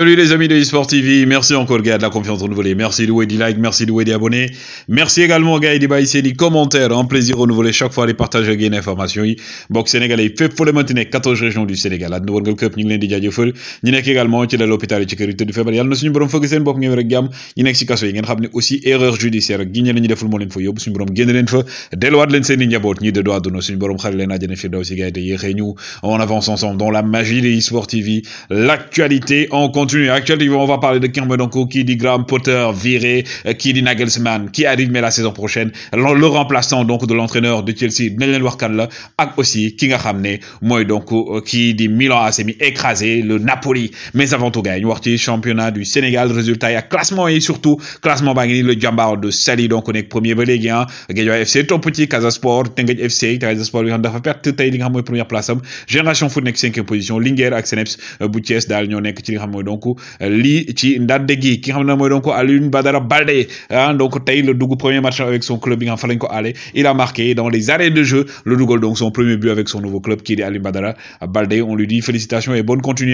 Salut les amis de eSport TV, merci encore gars de la confiance renouvelée, merci de des likes, merci de des abonnés, merci également gars de baisser les commentaires, un plaisir renouvelé chaque fois de partager gain information yi. Bok sénégalais fait pour folle maintenir 14 régions du Sénégal. La World Cup ñi ngi leen di jaajeufal, ñi nekk également ci dal hôpital ci kër du feebar. Yalla na suñu borom fëgg seen bopp ngeen rek jàmm, ñi nekk ci kaso yi ngeen xam ne aussi erreur judiciaire gi ñe lañu deful moo leen fa yóbbu suñu borom génn leen fa, delluwaat leen seen njaboot ñi de doigt duna suñu borom xal leen àjjana fi daw ci gars yi te yéexee ñu. On avance ensemble dans la magie de eSport TV, l'actualité en continu continue. Actuellement, hein. on va parler de Kim Donko, qui dit Graham Potter viré, euh, qui dit Nagelsmann, qui arrive mais la saison prochaine. Le remplaçant donc de l'entraîneur de Chelsea, Daniel Warkan la aussi ki nga xam ne donc euh, qui di Milan AC mi écrasé le Napoli mais avant tout gagne yi championnat du Sénégal résultat y a classement et surtout classement baa le jàmbaar de Sali donc on est premier ba Gagne FC ton petit Casa Sport FC Casa Sport bi nga xam dafa perte tey première place am Génération Foot 5 e position Linger Axeneps CNEPS euh, bu Thiès daal ci donc lii ci qui gi ki nga xam ne donc Alioune Badara Baldé ah, donc tay le dugg premier match avec son club bi nga fa ko aller il a marqué dans les arrêts de jeu le dugal donc son premier but avec son nouveau club qui est Alioune Badara Baldé on lui dit félicitations et bonne continuation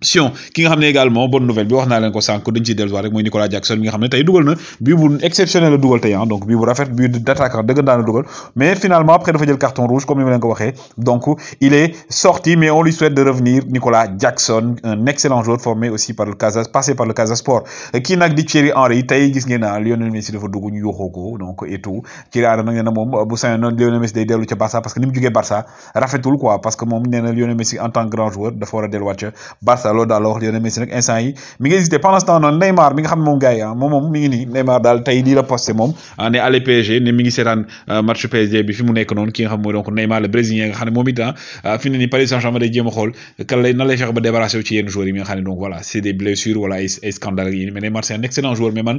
Sion ki nga xam ne également bonne nouvelle bi wax naa leen ko sànq dañ ciy delluwaat rek mooy Nicolas Jackson mi nga xam ne tey dugal na bii bu exceptionnel la dugal tey ah donc bii bu rafet bii d'attaquant dëggantaan la dugal mais finalement après dafa jël carton rouge comme ni ma leen ko waxee donc il est sorti mais on lui souhaite de revenir Nicolas Jackson un excellent joueur formé aussi par le Casa passé par le Casa Sport kii nag di Thierry Henry tey gis ngeen naa ah, Lionel Messi dafa dugg ñu yóoxoo ko donc et tout Thierry Henry nag nee na moom bu sañoon noonu Lionel Messi day dellu ca Barça parce que ni mu jugee Barça rafetul quoi parce que moom nee na Lionel Messi en tant que grand joueur dafa war a delluwaat ca Barça loolu dal wax Lionel Messi nak instant yi mi ngi hésité pendant ce temps noonu Neymar mi nga xam mom gay gars mom ah mi ngi ni Neymar dal tay di la poster mom ah, ne allez PSG né mi ngi sétane euh, match PSG bi fi mu nekk noonu ki nga xam mooy donc Neymar le brésilien nga xam ne moom it ah, ah fi mu Paris Saint-Germain day jéem xol kan lay nan lay fexe ba débarrassé ci yenn joueur yi mi nga xam donc voilà c'est des blessures wala ay ay yi mais Neymar c'est un excellent joueur mais man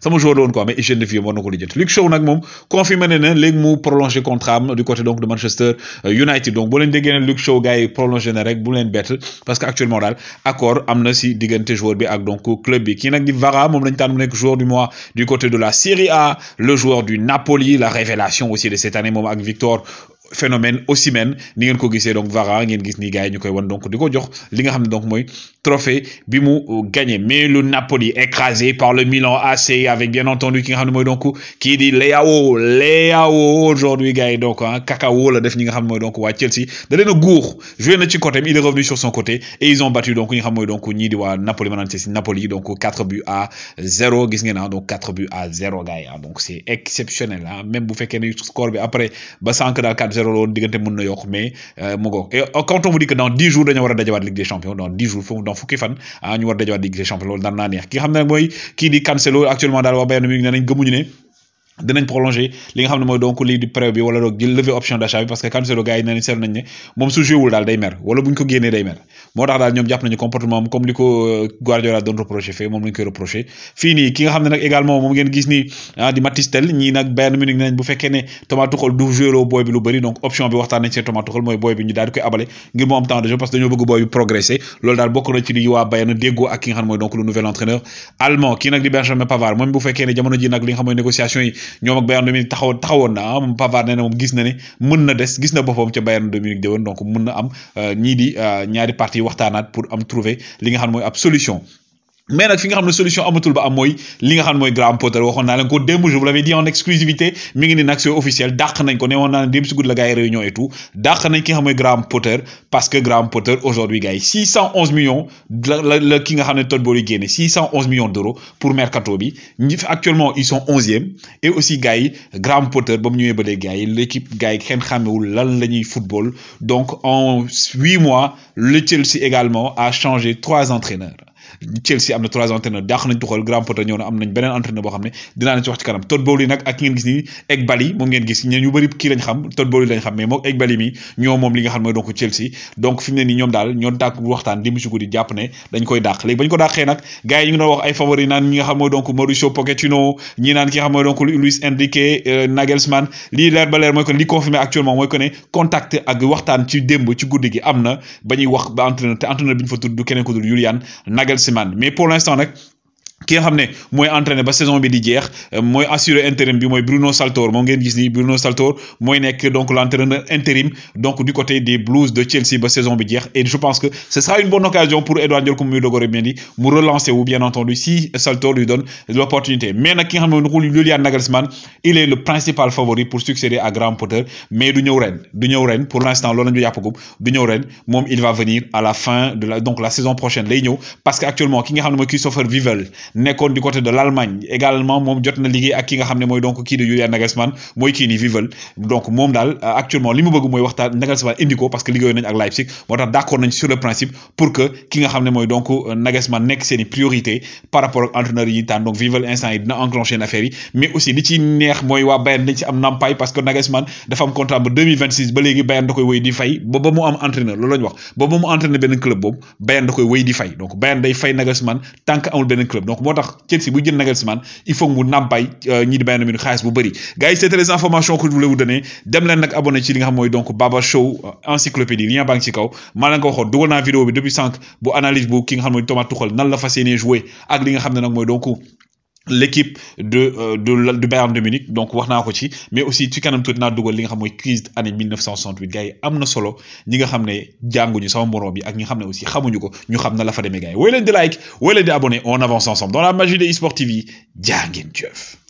sama joueur la quoi mais hygiène de vie war na ko lijjanti Luke Shaw nag moom confirmé na ne léegi mu prolongé contrat am du côté donc de Manchester euh, United donc boo leen déggee ne Luke Shaw gars yi prolongé na rek bu leen bett parce que actuellement daal accord am na si diggante joueur bi ak donc club bi kii nag di Vara moom lañ tànn mu nekk joueur du mois du côté de la Serie A le joueur du Napoli la révélation aussi de cette année moom ak Victor phénomène aussi même ni ngeen ko gisee donc Vara ngeen gis ni gars yi ñu koy donc diko jox li nga xam donc moy trophée bi mu gagné mais le Napoli écrasé par le Milan AC avec bien entendu ki nga xam moy donc ki di Leao Leao aujourd'hui gars donc ah kakao la def ñi nga xam ne donc wa Chelsea da leen a joué na ci côté il est revenu sur son côté et ils ont battu donc ñi nga xam donc ñi di wa Napoli maanaam ci Napoli donc 4 buts à 0 gis ngeen ah donc 4 buts à 0 gars yi ah donc c'est exceptionnel hein même bu fekké ne score bi après ba sànq daal 4-0 digënté yok mais euh, euh, quand on vous dit que dans 10 jours dañu wara dajewat Ligue des Champions dans 10 jours dans fukki fan ah, ñu wara dajewat Ligue des Champions lool dañ na neex ki xamné moy ki di cancelo actuellement dal wa bayern mi ngi nañ gëmuñu né dinañ prolonger li nga xam ne mooy donc lii di prêt bi wala donc di lever option d'achat bi parce que Cancelo gars yi nañ seetlu nañ ne moom su joué wul daal day mer wala buñ ko génnee day mer moo tax daal ñoom jàpp nañu comportement am comme li ko euh, Guardiola doon reproché fee moom lañ koy reproché fii nii ki nga xam ne nag également moom ngeen gis ni ah di Mathys Tel ñii nag Bayern Munich nañ bu fekkee ne Thomas Tuchel du joué boy bi lu bëri donc option bi waxtaan nañ seen Thomas Tuchel mooy boy bi ñu daal di koy abalé ngir mu am temps de jeu parce que dañoo bëgg boy bi progresser loolu daal bokk na ci li waa Bayern déggoo ak ki nga xam ne mooy donc le nouvel entraîneur allemand ki nag di Benjamin Pavard moom bu fekkee ne jamono ji nag li nga xam mooy négociation yi ñoom ak Bayern Dominique taxawoon taxawoon na am ah, moom Pavard nee moom gis na ne mën na des gis na boppam ca Bayern Dominique déwén donc mën na am euh, ñii di euh, ñaari partie waxtaanaat pour am trouver li nga xam mooy ab solution mais nak fi nga xam solution amatul ba am moy li nga xam moy grand Graham Potter waxoon naa ko je vous l'avais dit en exclusivité mi ngi ni nak c'est officiel dakh nañ ko ne na naa la gay réunion et tout dakh nañ ki xam Graham Potter parce que Graham Potter aujourd'hui gars 611 millions le king ki nga xam tot bo Bowley 611 millions d'euros pour mercato bi ñi actuellement ils sont 11e et aussi gars grand Graham Potter ba mu ñëwee ba gars l'équipe gars yi xamé wul lan lañuy football donc en 8 mois le Chelsea également a changé trois entraîneurs Chelsea am na trois entraîneurs dàq nañ Tuchel Graham Potter ñëw na am nañ beneen entraîneur boo xam ne dinaa leen ci wax ci kanam Todd Bowley nag ak ki ngeen gis nii Egbali moom ngeen gis ñe ñu bëri kii lañ xam Todd Bowley lañ xam mais moom Egbali mi ñoo moom li nga xam mooy donc Chelsea donc fi mu ne nii ñoom daal ñoo tàkk waxtaan démb si guddi jàpp ne dañ koy dàq léegi bañ ko dàqee nag gars yi ñu ngi doon wax ay favori naan ñi nga xam mooy donc Mauricio Pochettino ñi naan ki nga xam mooy donc Luis Enrique euh, Nagelsmann lii leer ba leer mooy que li confirmé actuellement mooy que ne contact ak waxtaan ci démb ci guddi gi am na ba ñuy wax ba entraîneur te entraîneur bi ñu fa tudd du keneen ko dul Julian Nagelsmann semaine. mais pour l'instant ki nga xam ne mooy entraîné ba saison bi di jeex euh, mooy assuré intérim bi mooy Bruno Saltor moom ngeen gis ni Bruno Saltor mooy nekk donc l' entraîneur intérim donc du côté des Blues de Chelsea ba saison bi jeex et je pense que ce sera une bonne occasion pour Edouard Diolkoum muy Dogore Mendy mu relancer wu bien entendu si Saltor lui donne l' opportunité mais nag ki nga xam ne Julian Nagelsmann il est le principal favori pour succéder à Graham Potter mais du ñëw ren du ñëw ren pour l' instant loolu la ñu yàppagum du ñëw ren moom il va venir à la fin de la donc la saison prochaine lay ñëw parce que actuellement ki nga xam ne mooy Christopher Vivel nekkoon du côté de l'Allemagne également moom jot na liggéey ak ki nga xam ne mooy donc kii di Julian Nagelsmann mooy kii ni donc moom daal euh, actuellement li mu bëgg mooy waxtaan Nagelsmann indi ko parce que liggéeyoon nañ ak Leipzig moo tax d'accord nañ sur le principe pour que ki nga xam ne mooy donc euh, Nagelsmann nekk seeni priorité par rapport ak entraîneur yi donc Vivel instant yi dina enclencher affaire yi mais aussi li ci neex mooy waa Bayern dañ ci am nampaay parce que Nagelsmann dafa am contrat ba 2026 ba léegi Bayern da koy wéy di fay ba ba mu am entraîneur loolu la ñu wax ba ba mu entraîner benn club boobu Bayern da koy wéy di fay donc Bayern day fay Nagelsmann tant que amul benn club donc moo tax Chelsea buy jël Nagelsmann il faut mu nàmpay euh, ñi di Bayern Munich xaalis bu bëri gars yi c'était les informations que je voulais vous donner dem leen nag abonné ci li nga xam mooy donc Baba Show euh, encyclopédie lien baa ngi ci kaw maa leen ko waxoon dugal naa vidéo bi depuis sànq bu analyse bu ki nga xam mooy Thomas Tuchel nan la fas yéenee jouer ak li nga xam ne nag mooy donc l'équipe de euh, de de Bayern de Munich donc warner Rochi, mais aussi tu kanam tout n'a dugal li nga xam crise année 1968 gars yi solo ñi nga xam ne jànguñu sama aussi xamuñu ko ñu xam na la fa gars yi like woy leen abonné on avance ensemble dans la magie de eSport TV Djangin ngeen